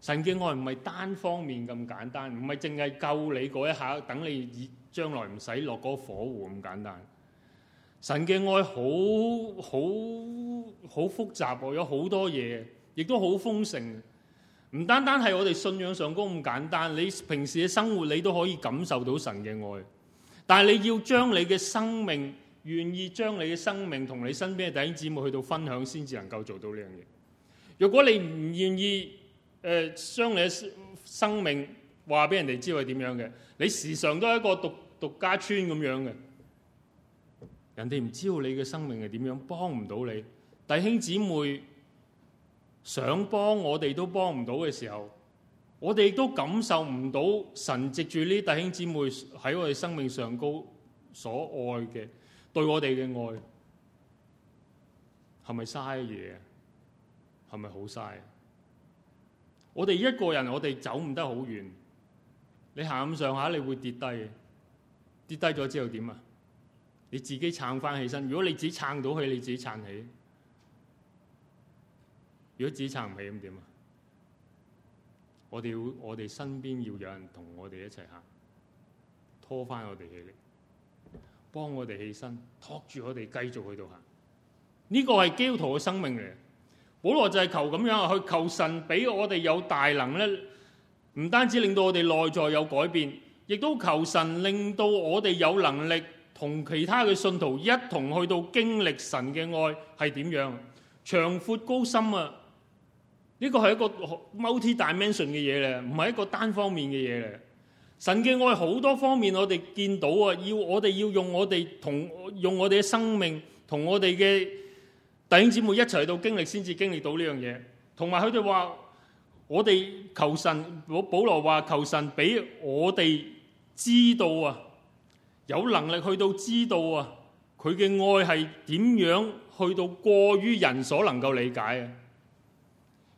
神嘅愛唔係單方面咁簡單，唔係淨係救你嗰一下，等你將來唔使落嗰個火湖咁簡單。神嘅愛好好好複雜，有好多嘢，亦都好豐盛。唔單單係我哋信仰上高咁簡單，你平時嘅生活你都可以感受到神嘅愛。但係你要將你嘅生命，願意將你嘅生命同你身邊嘅弟兄姊妹去到分享，先至能夠做到呢樣嘢。如果你唔願意，誒、呃、將你嘅生命話俾人哋知，係點樣嘅？你時常都係一個獨獨家村咁樣嘅，人哋唔知道你嘅生命係點樣，幫唔到你。弟兄姊妹想幫我哋都幫唔到嘅時候，我哋亦都感受唔到神藉住呢啲弟兄姊妹喺我哋生命上高所愛嘅。對我哋嘅愛係咪嘥嘢？係咪好嘥？我哋一個人，我哋走唔得好遠。你行咁上下，你會跌低，跌低咗之後點呀？你自己撐返起身。如果你自己撐到起，你自己撐起。如果自己撐唔起咁點啊？我哋會，我哋身邊要有人同我哋一齊行，拖返我哋起嚟幫我哋起身，托住我哋繼續喺度行。呢個係基督徒嘅生命嚟。保羅就係求咁樣啊，去求神俾我哋有大能咧，唔單止令到我哋內在有改變，亦都求神令到我哋有能力同其他嘅信徒一同去到經歷神嘅愛係點樣，長闊高深啊！呢個係一個 multi dimension 嘅嘢咧，唔係一個單方面嘅嘢嚟。神嘅愛好多方面，我哋見到啊，要我哋要用我哋同用我哋嘅生命，同我哋嘅弟兄姊妹一齊到經歷，先至經歷到呢樣嘢。同埋佢哋話，我哋求神，保保羅話求神俾我哋知道啊，有能力去到知道啊，佢嘅愛係點樣去到過於人所能夠理解啊！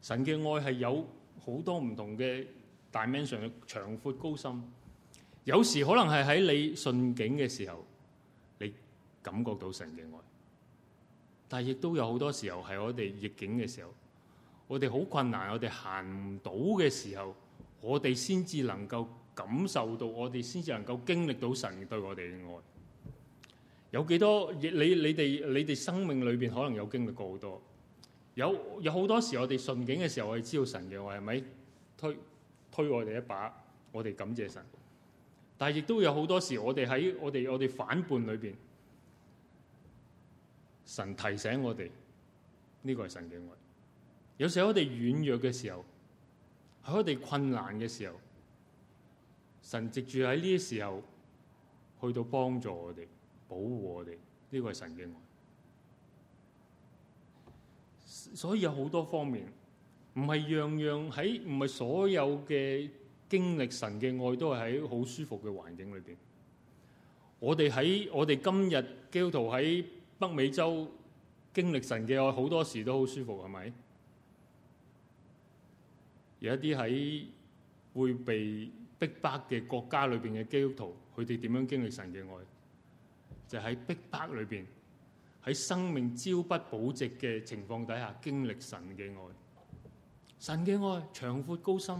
神嘅愛係有好多唔同嘅，大面上嘅長闊高深。有時可能係喺你順境嘅時候，你感覺到神嘅愛；但係亦都有好多時候係我哋逆境嘅時、時候，我哋好困難，我哋行唔到嘅時候，我哋先至能夠感受到，我哋先至能夠經歷到神對我哋嘅愛。有幾多？你你哋你哋生命裏面可能有經歷過好多。有有好多時，我哋順境嘅時候，我哋知道神嘅愛係咪推推我哋一把，我哋感謝神，但係亦都有好多時我哋喺我哋我哋反叛裏邊，神提醒我哋呢個係神嘅愛。有時候我哋軟弱嘅時候，喺我哋困難嘅時候，神藉住喺呢啲時候去到幫助我哋、保護我哋，呢個係神嘅愛。所以有好多方面，唔係樣樣喺，唔係所有嘅經歷神嘅愛都係喺好舒服嘅環境裏邊。我哋喺我哋今日基督徒喺北美洲經歷神嘅愛，好多時都好舒服，係咪？有一啲喺會被逼迫嘅國家裏邊嘅基督徒，佢哋點樣經歷神嘅愛？就喺逼迫裏邊。喺生命朝不保夕嘅情況底下，經歷神嘅愛，神嘅愛長闊高深，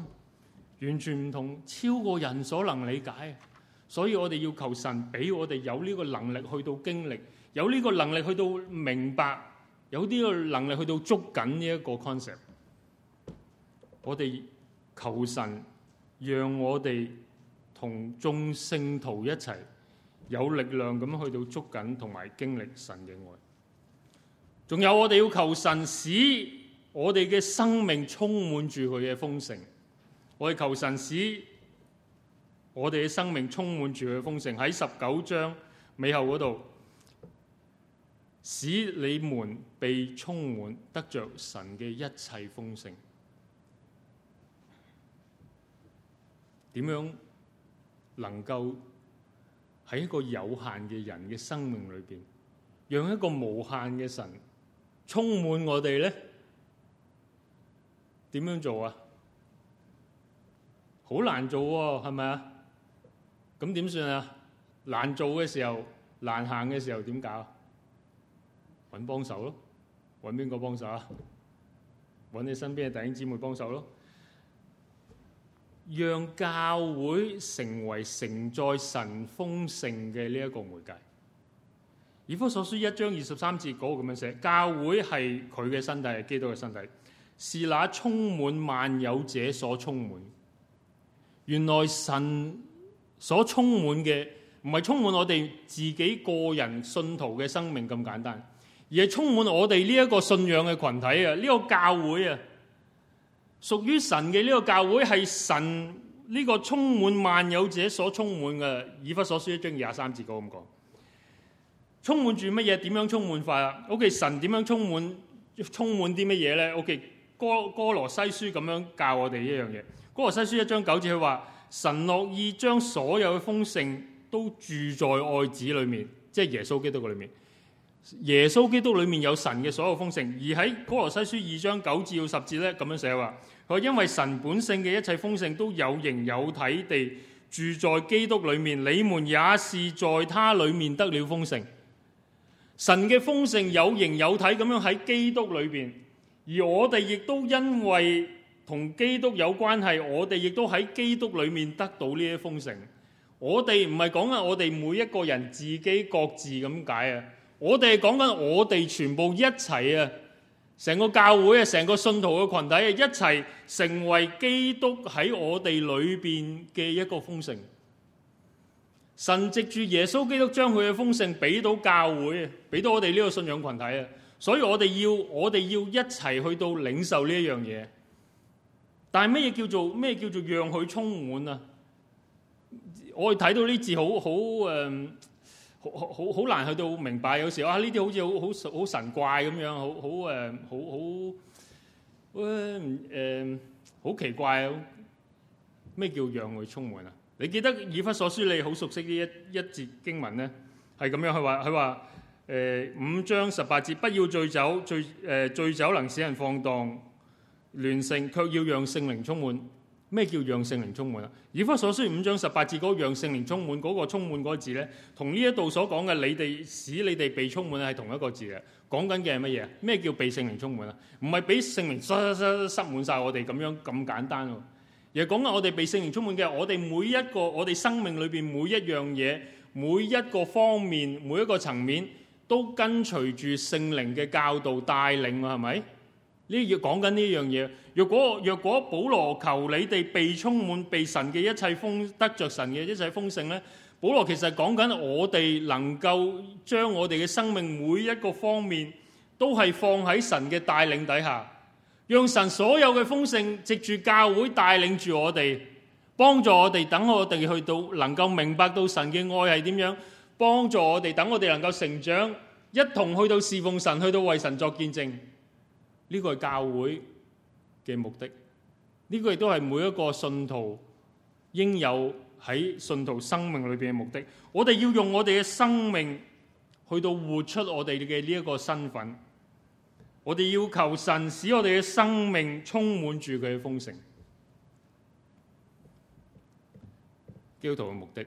完全唔同，超過人所能理解。所以我哋要求神俾我哋有呢個能力去到經歷，有呢個能力去到明白，有呢個能力去到捉緊呢一個 concept。我哋求神，讓我哋同眾聖徒一齊。有力量咁去到捉緊同埋經歷神嘅愛，仲有我哋要求神使我哋嘅生命充滿住佢嘅豐盛，我哋求神使我哋嘅生命充滿住佢豐盛。喺十九章尾後嗰度，使你們被充滿，得着神嘅一切豐盛。點樣能夠？喺一個有限嘅人嘅生命裏面，讓一個無限嘅神充滿我哋咧，點樣做啊？好難做喎，係咪啊？咁點算啊？難做嘅時候，難行嘅時候點搞，啊？揾幫手囉，揾邊個幫手呀？揾你身邊嘅弟兄姊妹幫手囉。讓教會成為承載神豐盛嘅呢一個媒介。以弗所書一章二十三節個咁樣寫，教會係佢嘅身體，係基督嘅身體，是那充滿萬有者所充滿。原來神所充滿嘅唔係充滿我哋自己個人信徒嘅生命咁簡單，而係充滿我哋呢一個信仰嘅群體啊，呢、這個教會啊。屬於神嘅呢個教會係神呢個充滿萬有者所充滿嘅，以弗所書一章二十三節講咁講，充滿住乜嘢？點樣充滿法？O.K. 神點樣充滿？充滿啲乜嘢咧？O.K. 哥哥羅西書咁樣教我哋一樣嘢。哥羅西書一章九節佢話：神樂意將所有嘅豐盛都住在愛子裏面，即耶穌基督嘅裏面。耶穌基督裏面有神嘅所有豐盛，而喺哥羅西書二章九至到十節呢，咁樣寫話：佢因為神本性嘅一切豐盛都有形有體地住在基督裏面，你們也是在他裏面得了豐盛。神嘅豐盛有形有體咁樣喺基督裏面，而我哋亦都因為同基督有關係，我哋亦都喺基督裏面得到呢啲豐盛。我哋唔係講啊，我哋每一個人自己各自咁解啊。我哋講緊我哋全部一齊啊，成個教會啊，成個信徒嘅群體啊，一齊成為基督喺我哋裏邊嘅一個豐盛。神藉住耶穌基督將佢嘅豐盛俾到教會啊，俾到我哋呢個信仰群體啊，所以我哋要我哋要一齊去到領受呢一樣嘢。但係咩嘢叫做咩叫做讓佢充滿啊？我哋睇到呢字好好誒。很嗯好好好，好難去到明白，有時啊呢啲好似好好好神怪咁樣，好好誒好好誒好，好、嗯嗯、好奇怪啊！咩叫讓佢充滿啊？你記得以弗所書你好熟悉呢一一節經文咧，係咁樣佢話，佢話誒五章十八節，不要醉酒，醉誒、呃、醉酒能使人放蕩亂性，卻要讓聖靈充滿。咩叫讓聖靈充滿啊？以弗所書五章十八字嗰個讓聖靈充滿嗰個充滿嗰個字呢，同呢一度所講嘅你哋使你哋被充滿係同一個字嘅，講緊嘅係乜嘢？咩叫被聖靈充滿啊？唔係俾聖靈塞滿曬我哋咁樣咁簡單喎。而係講緊我哋被聖靈充滿嘅，我哋每一個我哋生命裏面每一樣嘢，每一個方面，每一個層面，都跟隨住聖靈嘅教導帶領，係咪？是呢要講緊呢樣嘢，若果若果保羅求你哋被充滿，被神嘅一切豐，得着神嘅一切豐盛咧，保羅其實講緊我哋能夠將我哋嘅生命每一個方面都係放喺神嘅帶領底下，讓神所有嘅豐盛藉住教會帶領住我哋，幫助我哋，等我哋去到能夠明白到神嘅愛係點樣，幫助我哋，等我哋能夠成長，一同去到侍奉神，去到為神作見證。呢個係教會嘅目的，呢個亦都係每一個信徒應有喺信徒生命裏邊嘅目的。我哋要用我哋嘅生命去到活出我哋嘅呢一個身份。我哋要求神使我哋嘅生命充滿住佢嘅豐盛。基督徒嘅目的。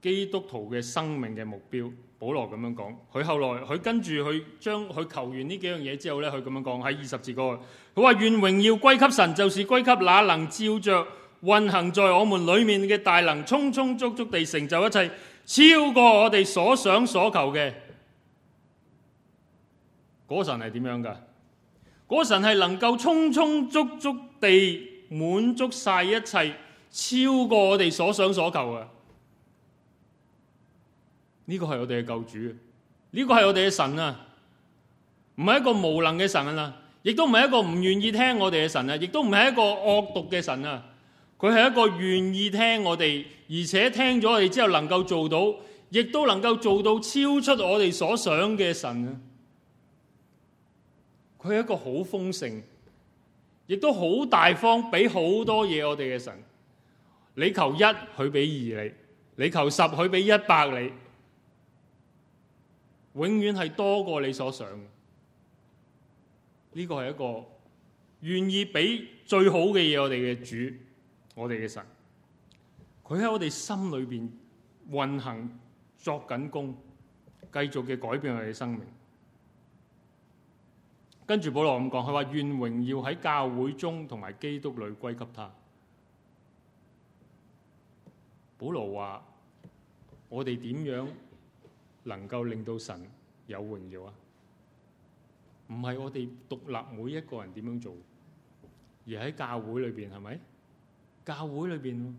基督徒嘅生命嘅目標，保羅咁樣講。佢後來佢跟住佢將佢求完呢幾樣嘢之後呢佢咁樣講喺二十節嗰個，佢話願榮耀歸給神，就是歸給那能照着運行在我們裏面嘅大能，充充足,足足地成就一切，超過我哋所想所求嘅。嗰、那個、神係點樣㗎？嗰、那個、神係能夠充充足足地滿足晒一切，超過我哋所想所求啊！呢個係我哋嘅救主，呢個係我哋嘅神啊，唔係一個無能嘅神啊，亦都唔係一個唔願意聽我哋嘅神啊，亦都唔係一個惡毒嘅神啊。佢係一個願意聽我哋，而且聽咗我哋之後能夠做到，亦都能夠做到超出我哋所想嘅神啊。佢係一個好豐盛，亦都好大方，俾好多嘢我哋嘅神。你求一，佢俾二你；你求十，佢俾一百你。永遠係多過你所想嘅，呢個係一個願意畀最好嘅嘢我哋嘅主，我哋嘅神，佢喺我哋心裏面運行作緊工，繼續嘅改變我哋嘅生命。跟住保羅咁講，佢話願榮耀喺教會中同埋基督裏歸給他。保羅話我哋點樣？能夠令到神有榮耀啊！唔係我哋獨立每一個人點樣做，而喺教會裏邊，係咪？教會裏邊，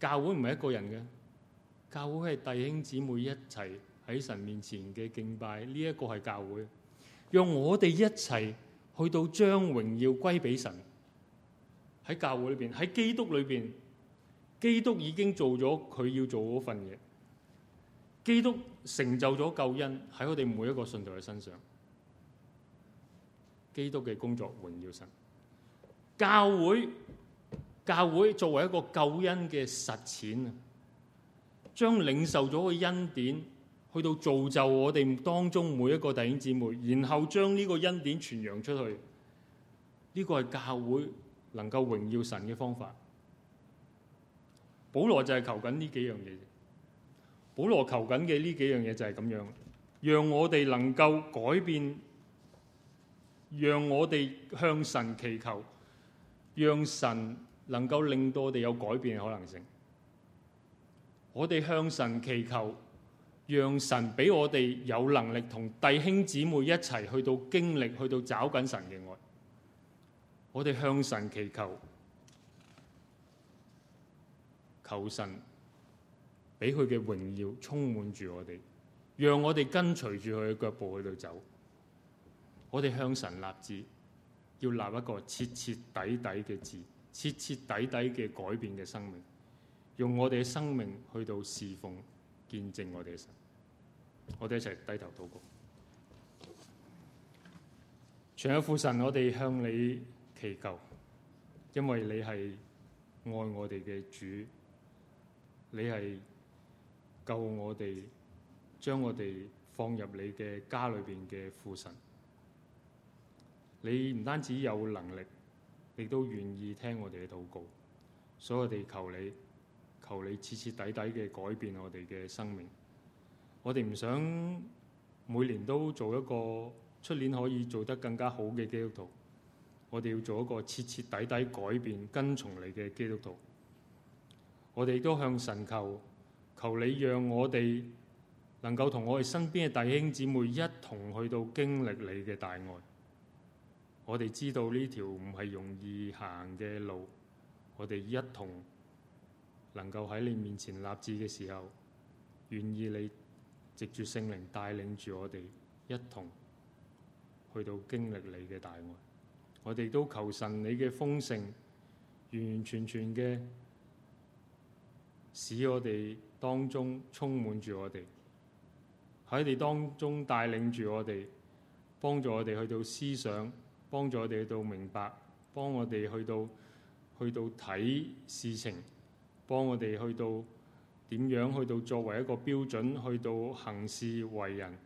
教會唔係一個人嘅，教會係弟兄姊妹一齊喺神面前嘅敬拜，呢一個係教會。讓我哋一齊去到將榮耀歸俾神。喺教會裏邊，喺基督裏邊，基督已經做咗佢要做嗰份嘢。基督成就咗救恩喺我哋每一個信徒嘅身上，基督嘅工作，榮耀神。教會教會作為一個救恩嘅實踐啊，將領受咗嘅恩典去到造就我哋當中每一個弟兄姊妹，然後將呢個恩典傳揚出去，呢個係教會能夠榮耀神嘅方法。保羅就係求緊呢幾樣嘢。保羅求緊嘅呢幾樣嘢就係咁樣，讓我哋能夠改變，讓我哋向神祈求，讓神能夠令到我哋有改變嘅可能性。我哋向神祈求，讓神俾我哋有能力同弟兄姊妹一齊去到經歷，去到找緊神嘅愛。我哋向神祈求，求神。俾佢嘅榮耀充滿住我哋，讓我哋跟隨住佢嘅腳步喺度走。我哋向神立志，要立一個徹徹底底嘅志，徹徹底底嘅改變嘅生命，用我哋嘅生命去到侍奉見證我哋嘅神。我哋一齊低頭禱告。全有父神，我哋向你祈求，因為你係愛我哋嘅主，你係。救我哋，將我哋放入你嘅家裏邊嘅父神。你唔單止有能力，亦都願意聽我哋嘅禱告，所以我哋求你，求你徹徹底底嘅改變我哋嘅生命。我哋唔想每年都做一個出年可以做得更加好嘅基督徒，我哋要做一個徹徹底底改變跟從你嘅基督徒。我哋都向神求。求你讓我哋能夠同我哋身邊嘅弟兄姊妹一同去到經歷你嘅大愛。我哋知道呢條唔係容易行嘅路，我哋一同能夠喺你面前立志嘅時候，願意你藉住聖靈帶領住我哋一同去到經歷你嘅大愛。我哋都求神你嘅豐盛完完全全嘅使我哋，當中充滿住我哋，喺你當中帶領住我哋，幫助我哋去到思想，幫助我哋去到明白，幫我哋去到去到睇事情，幫我哋去到點樣去到作為一個標準，去到行事為人，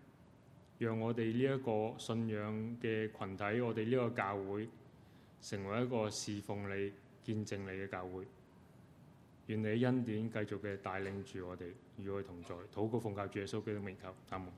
讓我哋呢一個信仰嘅群體，我哋呢個教會成為一個侍奉你、見證你嘅教會。願你恩典繼續嘅帶領住我哋，與我哋同在，禱告奉教主耶穌基督名求，阿門。